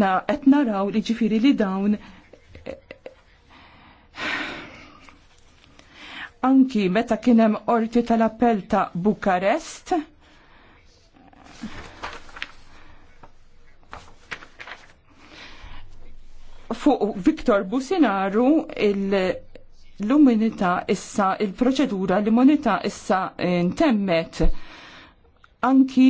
na qed naraw li ġifiri li dawn anki meta kienem orti tal-appell ta' Bukarest fuq Viktor Businaru il- l-umanità issa il-proċedura l-umanità issa intemmet eh, anki